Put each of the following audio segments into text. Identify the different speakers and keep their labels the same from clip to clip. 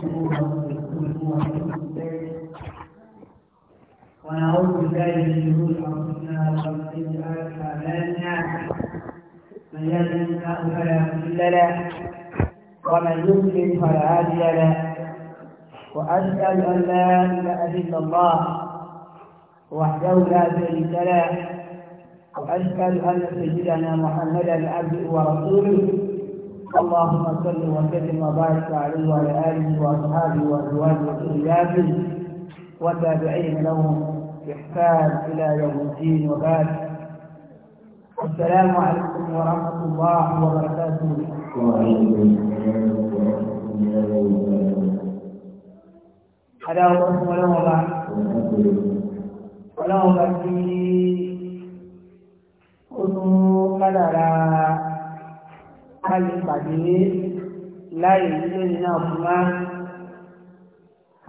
Speaker 1: ونعوذ بالله من شرور انفسنا ومن سيئات اعمالنا من يهده الله فلا مضل له ومن يضلل فلا هادي له واشهد ان لا اله الا الله وحده لا شريك له واشهد ان سيدنا محمدا عبده ورسوله اللهم صل وسلم وبارك عليه وعلى اله واصحابه وازواجه وذرياته وتابعين لهم باحسان الى يوم الدين وبعد السلام عليكم ورحمه الله وبركاته هذا هو اسم الله ọlọ́run bá ti ó ká lè pàdé láì nílé ní náà fún wa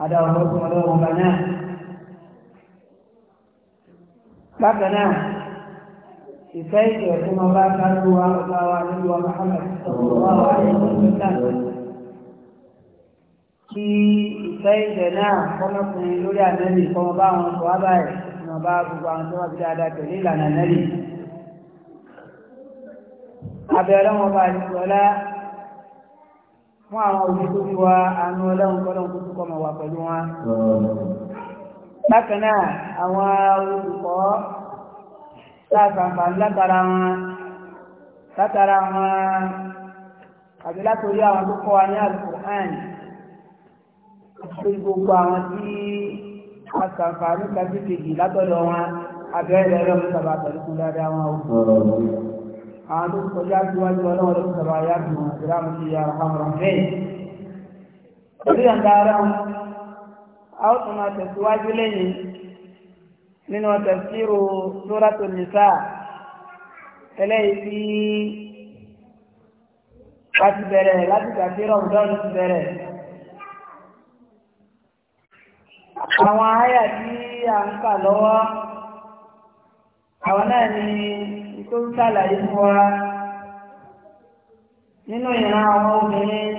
Speaker 1: adáwọn ọgbọ́n ọlọ́run ọba náà bákan náà ìfẹ́ ìfẹ́ fún ọba kájú wa ọba wa nínú ọba ọba wa nínú ọba kí ìfẹ́ ìfẹ́ náà kọ́mọkùnrin lórí ànẹ́lì kọ́mọ bá wọn sọ wá báyìí kọ́mọ bá gbogbo àwọn tó wà sí dáadáa tẹ̀lé ìlànà ànẹ́lì abẹ́rẹ́ wọn bá ti sọ́lá fún àwọn òbí tó fi wá àánú ọlọ́run kọ́lọ́n tó túkọ́ mọ̀ wà pẹ̀lú wọn. bákan náà àwọn olùkọ́ láàfàǹfààní látara wọn látara wọn àbí látòrí àwọn tó kọ́ wa ní Al-Qur'an lórí gbogbo àwọn tí àkàǹfààní kàbí kejì látọ̀dọ̀ wọn abẹ́rẹ́ rẹ̀ lọ́mú sábà pẹ̀lú kúndàdà wọn o àánú kọjá síwájú ọlọ́wọ́ ló sọ̀rọ̀ ayá bí wọn àti ráàmù sí ìyá ọ̀hámọ̀rọ̀ bẹ́ẹ̀. Orí ọ̀gá ara wọn, a ó tún máa tẹ̀síwájú lẹ́yìn bẹ̀rẹ̀ láti tàbí rọ̀mùdọ́ọ̀nù ti bẹ̀rẹ̀. Àwọn àyà tí à ń kà lọ́wọ́ àwọn náà ni tó ń ṣàlàyé fún wa nínú ìran àwọn obìnrin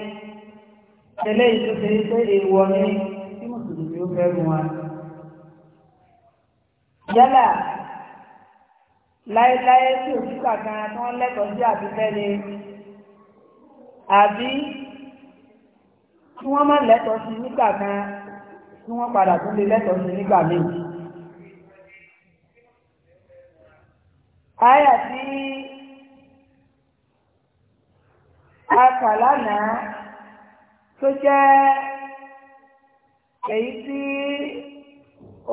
Speaker 1: eléyìí tó ṣe pé èèwọ̀ ni tí mùsùlùmí ó fẹ́ràn wa. yálà láéláé tí òṣìṣà kan tí wọ́n lẹ́tọ̀ọ́ sí àbífẹ́ ni àbí tí wọ́n máa lẹ́tọ̀ọ́ sí nígbà kan tí wọ́n padà tún lè lẹ́tọ̀ọ́ sí nígbà míì. àyà tí a kà lánàá tó jẹ́ èyí tí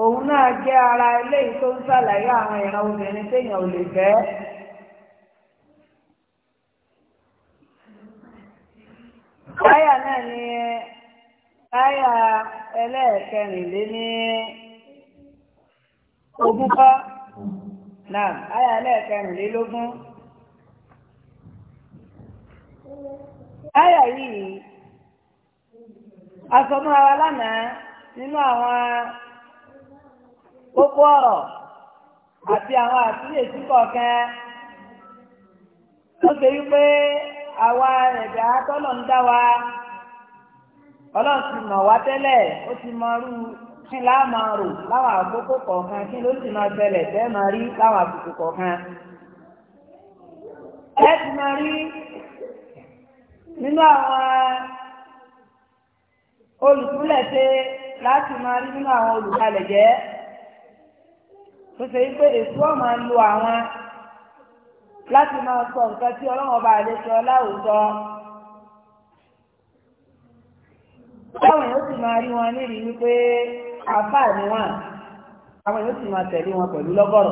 Speaker 1: òun náà jẹ́ ara eléyìí tó ń ṣàlàyé àwọn ìran obìnrin téèyàn ò lè fẹ́. Táyà náà ni táyà ẹlẹ́ẹ̀kẹrìnlé ní ogúnkọ́. náà àyà ẹlẹ́ẹ̀kẹrìnlélógún àyà yìí asọmúra wa lánàá nínú àwọn kókó ọ̀rọ̀ àti àwọn àfiyèsí kọ̀ọ̀kan ó ṣe wípé àwa ẹ̀dá tọ́lọ̀ ń dá wa ọlọ́run ti mọ̀ wá tẹ́lẹ̀ ó ti mọ irú kí la máa rò láwọn àkókò kọ̀ọ̀kan kí ló sì máa tẹlẹ̀ tẹ́ máa rí láwọn àkókò kọ̀ọ̀kan. ẹ ti máa rí nínú àwọn olùkúlẹ̀ṣe láti máa rí nínú àwọn olùkalẹ̀ jẹ́ tó ṣe wípé èso ọ̀mà ń lo àwọn láti máa sọ nǹkan tí ọlọ́wọ́n bá lè sọ láwùjọ. àfáà ni wọ́n àwọn yóò sì máa tẹ̀lé wọn pẹ̀lú lọ́gọ́rọ̀